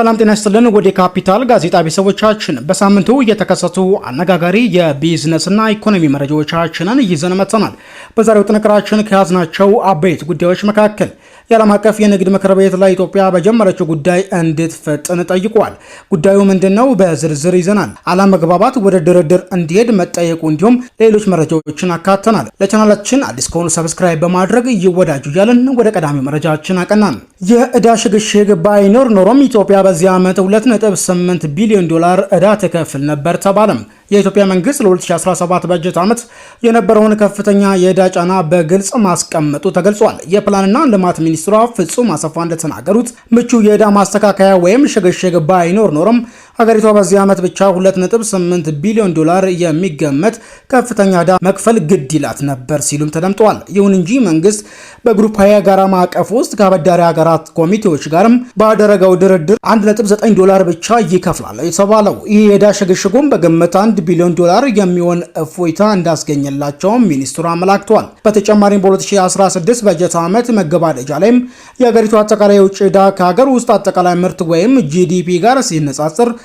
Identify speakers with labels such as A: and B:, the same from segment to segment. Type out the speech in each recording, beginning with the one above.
A: ሰላም ጤና ይስጥልን። ወደ ካፒታል ጋዜጣ ቤተሰቦቻችን በሳምንቱ እየተከሰቱ አነጋጋሪ የቢዝነስና ኢኮኖሚ መረጃዎቻችንን ይዘን መጥተናል። በዛሬው ጥንቅራችን ከያዝናቸው አበይት ጉዳዮች መካከል የዓለም አቀፍ የንግድ ምክር ቤት ላይ ኢትዮጵያ በጀመረችው ጉዳይ እንድትፈጥን ጠይቋል። ጉዳዩ ምንድን ነው? በዝርዝር ይዘናል። አለመግባባት ወደ ድርድር እንዲሄድ መጠየቁ እንዲሁም ሌሎች መረጃዎችን አካተናል። ለቻናላችን አዲስ ከሆኑ ሰብስክራይብ በማድረግ እይወዳጁ እያለን ወደ ቀዳሚው መረጃችን አቀናን። የእዳ ሽግሽግ ባይኖር ኖሮም ኢትዮጵያ በዚህ ዓመት 2.8 ቢሊዮን ዶላር እዳ ትከፍል ነበር ተባለም። የኢትዮጵያ መንግስት ለ2017 በጀት ዓመት የነበረውን ከፍተኛ የዕዳ ጫና በግልጽ ማስቀመጡ ተገልጿል። የፕላንና ልማት ሚኒስትሯ ፍጹም አሰፋ እንደተናገሩት ምቹ የዕዳ ማስተካከያ ወይም ሽግሽግ ባይኖር ኖርም ሀገሪቷ በዚህ ዓመት ብቻ 2.8 ቢሊዮን ዶላር የሚገመት ከፍተኛ ዕዳ መክፈል ግድ ይላት ነበር ሲሉም ተደምጠዋል። ይሁን እንጂ መንግስት በግሩፕ ሀያ የጋራ ማዕቀፍ ውስጥ ከአበዳሪ ሀገራት ኮሚቴዎች ጋርም ባደረገው ድርድር 1.9 ዶላር ብቻ ይከፍላል የተባለው ይህ የዕዳ ሽግሽጉም በግምት 1 ቢሊዮን ዶላር የሚሆን እፎይታ እንዳስገኘላቸውም ሚኒስትሩ አመላክተዋል። በተጨማሪም በ2016 በጀት ዓመት መገባደጃ ላይም የሀገሪቱ አጠቃላይ የውጭ ዕዳ ከሀገር ውስጥ አጠቃላይ ምርት ወይም ጂዲፒ ጋር ሲነጻጽር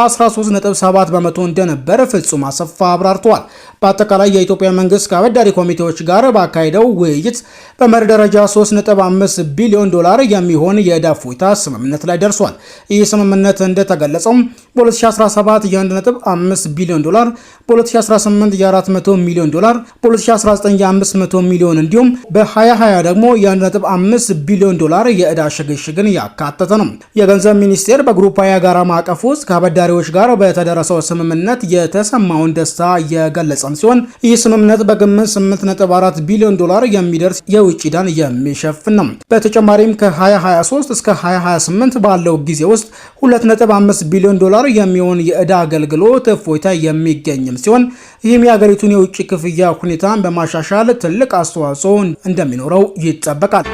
A: 13.7 በመቶ እንደነበረ ፍጹም አሰፋ አብራርተዋል። በአጠቃላይ የኢትዮጵያ መንግስት ከአበዳሪ ኮሚቴዎች ጋር ባካሄደው ውይይት በመሪ ደረጃ 3.5 ቢሊዮን ዶላር የሚሆን የዕዳ እፎይታ ስምምነት ላይ ደርሷል። ይህ ስምምነት እንደተገለጸው በ2017 የ1.5 ቢሊዮን ዶላር፣ በ2018 የ400 ሚሊዮን ዶላር፣ በ2019 የ500 ሚሊዮን እንዲሁም በ2020 ደግሞ የ1.5 ቢሊዮን ዶላር የዕዳ ሽግሽግን ያካተተ ነው። የገንዘብ ሚኒስቴር በግሩፓ የጋራ ማዕቀፍ ውስጥ ከአበዳሪ ተደራዳሪዎች ጋር በተደረሰው ስምምነት የተሰማውን ደስታ የገለጸም ሲሆን ይህ ስምምነት በግምት 8.4 ቢሊዮን ዶላር የሚደርስ የውጭ ዕዳን የሚሸፍን ነው። በተጨማሪም ከ2023 እስከ 2028 ባለው ጊዜ ውስጥ 2.5 ቢሊዮን ዶላር የሚሆን የዕዳ አገልግሎት እፎይታ የሚገኝም ሲሆን ይህም የአገሪቱን የውጭ ክፍያ ሁኔታን በማሻሻል ትልቅ አስተዋጽኦ እንደሚኖረው ይጠበቃል።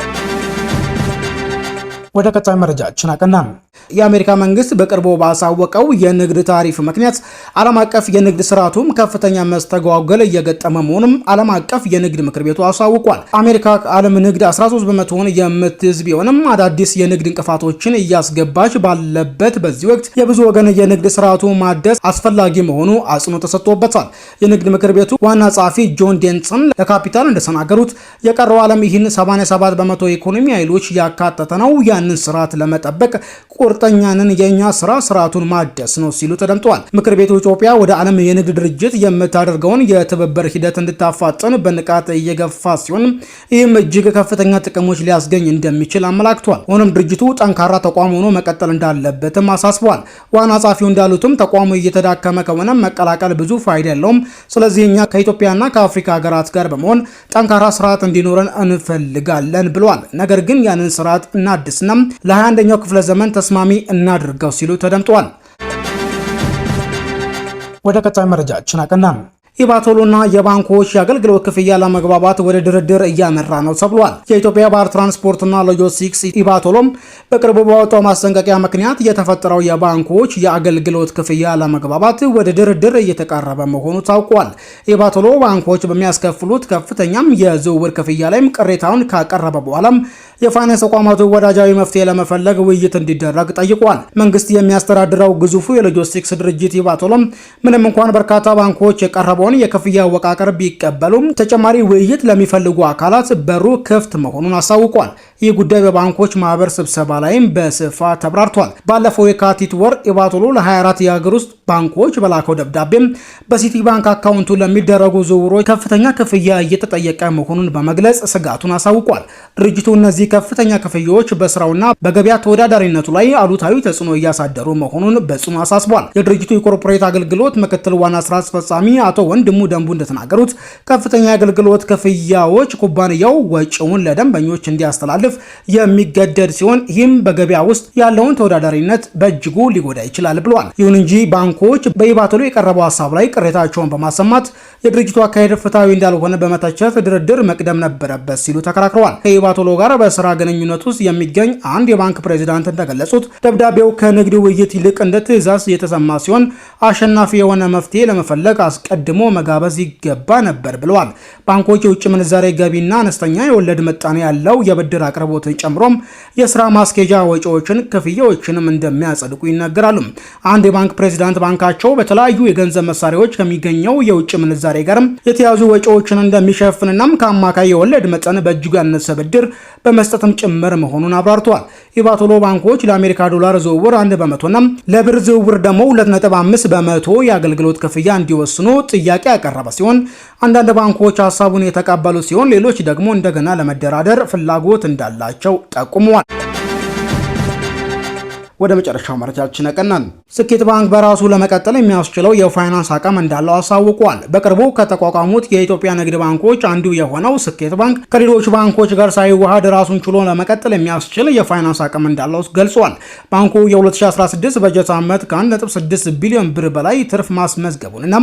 A: ወደ ቀጣይ መረጃችን አቀናን። የአሜሪካ መንግስት በቅርቡ ባሳወቀው የንግድ ታሪፍ ምክንያት ዓለም አቀፍ የንግድ ስርዓቱም ከፍተኛ መስተጓጎል እየገጠመ መሆኑም ዓለም አቀፍ የንግድ ምክር ቤቱ አሳውቋል። አሜሪካ ከዓለም ንግድ 13 በመቶውን የምትይዝ ቢሆንም አዳዲስ የንግድ እንቅፋቶችን እያስገባች ባለበት በዚህ ወቅት የብዙ ወገን የንግድ ስርዓቱ ማደስ አስፈላጊ መሆኑ አጽንኦ ተሰጥቶበታል። የንግድ ምክር ቤቱ ዋና ጸሐፊ ጆን ዴንሰን ለካፒታል እንደተናገሩት የቀረው ዓለም ይህን ሰ77 በመቶ ኢኮኖሚ ኃይሎች ያካተተ ነው። ያንን ስርዓት ለመጠበቅ ቁርጥ ቁርጠኛንን የእኛ ስራ ስርዓቱን ማደስ ነው ሲሉ ተደምጠዋል። ምክር ቤቱ ኢትዮጵያ ወደ ዓለም የንግድ ድርጅት የምታደርገውን የትብብር ሂደት እንድታፋጥን በንቃት እየገፋ ሲሆን ይህም እጅግ ከፍተኛ ጥቅሞች ሊያስገኝ እንደሚችል አመላክቷል። ሆኖም ድርጅቱ ጠንካራ ተቋም ሆኖ መቀጠል እንዳለበትም አሳስበዋል። ዋና ጸሐፊው እንዳሉትም ተቋሙ እየተዳከመ ከሆነ መቀላቀል ብዙ ፋይዳ የለውም። ስለዚህ እኛ ከኢትዮጵያና ከአፍሪካ ሀገራት ጋር በመሆን ጠንካራ ስርዓት እንዲኖረን እንፈልጋለን ብሏል። ነገር ግን ያንን ስርዓት እናድስና ለ21ኛው ክፍለ ዘመን ተስማ ተስማሚ እናድርገው ሲሉ ተደምጧል። ወደ ቀጣይ መረጃችን አቀናም። የባቶሎና የባንኮች የአገልግሎት ክፍያ ለመግባባት ወደ ድርድር እያመራ ነው ተብሏል። የኢትዮጵያ ባህር ትራንስፖርትና ሎጂስቲክስ ኢባቶሎም በቅርቡ በወጣው ማስጠንቀቂያ ምክንያት የተፈጠረው የባንኮች የአገልግሎት ክፍያ ለመግባባት ወደ ድርድር እየተቃረበ መሆኑ ታውቋል። ኢባቶሎ ባንኮች በሚያስከፍሉት ከፍተኛም የዝውውር ክፍያ ላይም ቅሬታውን ካቀረበ በኋላም የፋይናንስ ተቋማቱ ወዳጃዊ መፍትሄ ለመፈለግ ውይይት እንዲደረግ ጠይቋል። መንግስት የሚያስተዳድረው ግዙፉ የሎጂስቲክስ ድርጅት ኢባቶሎም ምንም እንኳን በርካታ ባንኮች የቀረበውን ያለውን የክፍያ አወቃቀር ቢቀበሉም ተጨማሪ ውይይት ለሚፈልጉ አካላት በሩ ክፍት መሆኑን አሳውቋል። ይህ ጉዳይ በባንኮች ማህበር ስብሰባ ላይም በስፋት ተብራርቷል። ባለፈው የካቲት ወር ኢባቶሎ ለ24 የሀገር ውስጥ ባንኮች በላከው ደብዳቤም በሲቲ ባንክ አካውንቱ ለሚደረጉ ዝውውሮች ከፍተኛ ክፍያ እየተጠየቀ መሆኑን በመግለጽ ስጋቱን አሳውቋል። ድርጅቱ እነዚህ ከፍተኛ ክፍያዎች በስራውና በገበያ ተወዳዳሪነቱ ላይ አሉታዊ ተጽዕኖ እያሳደሩ መሆኑን በጽኑ አሳስቧል። የድርጅቱ የኮርፖሬት አገልግሎት ምክትል ዋና ስራ አስፈጻሚ አቶ ወንድሙ ደንቡ እንደተናገሩት ከፍተኛ የአገልግሎት ክፍያዎች ኩባንያው ወጪውን ለደንበኞች እንዲያስተላልፍ የሚገደድ ሲሆን ይህም በገበያ ውስጥ ያለውን ተወዳዳሪነት በእጅጉ ሊጎዳ ይችላል ብለዋል። ይሁን እንጂ ባንኮች በኢባቶሎ የቀረበው ሀሳብ ላይ ቅሬታቸውን በማሰማት የድርጅቱ አካሄድ ፍትሐዊ እንዳልሆነ በመተቸት ድርድር መቅደም ነበረበት ሲሉ ተከራክረዋል። ከኢባቶሎ ጋር በስራ ግንኙነት ውስጥ የሚገኝ አንድ የባንክ ፕሬዚዳንት እንደገለጹት ደብዳቤው ከንግድ ውይይት ይልቅ እንደ ትዕዛዝ የተሰማ ሲሆን አሸናፊ የሆነ መፍትሄ ለመፈለግ አስቀድሞ ደግሞ መጋበዝ ይገባ ነበር ብለዋል። ባንኮች የውጭ ምንዛሬ ገቢና አነስተኛ የወለድ ምጣኔ ያለው የብድር አቅርቦትን ጨምሮም የስራ ማስኬጃ ወጪዎችን፣ ክፍያዎችንም እንደሚያጸድቁ ይናገራሉ። አንድ የባንክ ፕሬዚዳንት ባንካቸው በተለያዩ የገንዘብ መሳሪያዎች ከሚገኘው የውጭ ምንዛሬ ጋርም የተያዙ ወጪዎችን እንደሚሸፍንናም ከአማካይ የወለድ መጠን በእጅጉ ያነሰ ብድር በመስጠትም ጭምር መሆኑን አብራርተዋል። ኢባቶሎ ባንኮች ለአሜሪካ ዶላር ዝውውር አንድ በመቶና ለብር ዝውውር ደግሞ 2.5 በመቶ የአገልግሎት ክፍያ እንዲወስኑ ጥያ ጥያቄ ያቀረበ ሲሆን አንዳንድ ባንኮች ሀሳቡን የተቀበሉ ሲሆን ሌሎች ደግሞ እንደገና ለመደራደር ፍላጎት እንዳላቸው ጠቁመዋል። ወደ መጨረሻው መረጃችን አቀናን። ስኬት ባንክ በራሱ ለመቀጠል የሚያስችለው የፋይናንስ አቅም እንዳለው አሳውቋል። በቅርቡ ከተቋቋሙት የኢትዮጵያ ንግድ ባንኮች አንዱ የሆነው ስኬት ባንክ ከሌሎች ባንኮች ጋር ሳይዋሃድ ራሱን ችሎ ለመቀጠል የሚያስችል የፋይናንስ አቅም እንዳለው ገልጿል። ባንኩ የ2016 በጀት ዓመት ከ1.6 ቢሊዮን ብር በላይ ትርፍ ማስመዝገቡንና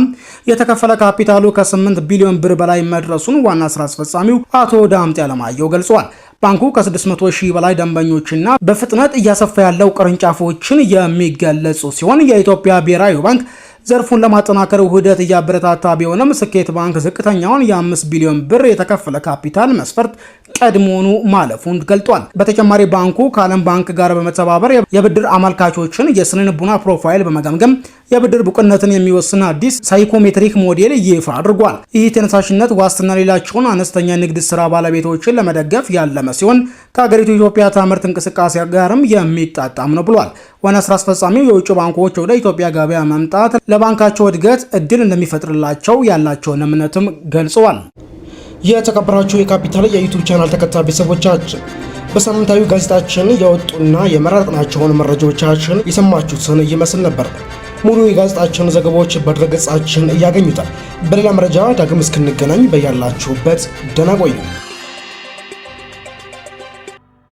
A: የተከፈለ ካፒታሉ ከ8 ቢሊዮን ብር በላይ መድረሱን ዋና ስራ አስፈጻሚው አቶ ዳምጤ አለማየሁ ገልጿል። ባንኩ ከ600 ሺህ በላይ ደንበኞችና በፍጥነት እያሰፋ ያለው ቅርንጫፎችን የሚገለጹ ሲሆን የኢትዮጵያ ብሔራዊ ባንክ ዘርፉን ለማጠናከር ውህደት እያበረታታ ቢሆንም ስኬት ባንክ ዝቅተኛውን የ5 ቢሊዮን ብር የተከፈለ ካፒታል መስፈርት ቀድሞኑ ማለፉን ገልጧል። በተጨማሪ ባንኩ ከዓለም ባንክ ጋር በመተባበር የብድር አመልካቾችን የስነ ልቦና ፕሮፋይል በመገምገም የብድር ብቁነትን የሚወስን አዲስ ሳይኮሜትሪክ ሞዴል ይፋ አድርጓል። ይህ ተነሳሽነት ዋስትና ሌላቸውን አነስተኛ ንግድ ስራ ባለቤቶችን ለመደገፍ ያለመ ሲሆን ከሀገሪቱ ኢትዮጵያ ታምርት እንቅስቃሴ ጋርም የሚጣጣም ነው ብሏል። ዋና ስራ አስፈጻሚው የውጭ ባንኮች ወደ ኢትዮጵያ ገበያ መምጣት ለባንካቸው እድገት እድል እንደሚፈጥርላቸው ያላቸውን እምነትም ገልጸዋል። የተከበራችሁ የካፒታል የዩቱብ ቻናል ተከታይ ቤተሰቦቻችን በሳምንታዊ ጋዜጣችን የወጡና የመረጥናቸውን መረጃዎቻችን የሰማችሁትን ይመስል ነበር። ሙሉ የጋዜጣችን ዘገባዎች በድረገጻችን ያገኙታል። በሌላ መረጃ ዳግም እስክንገናኝ በያላችሁበት ደህና ቆዩ።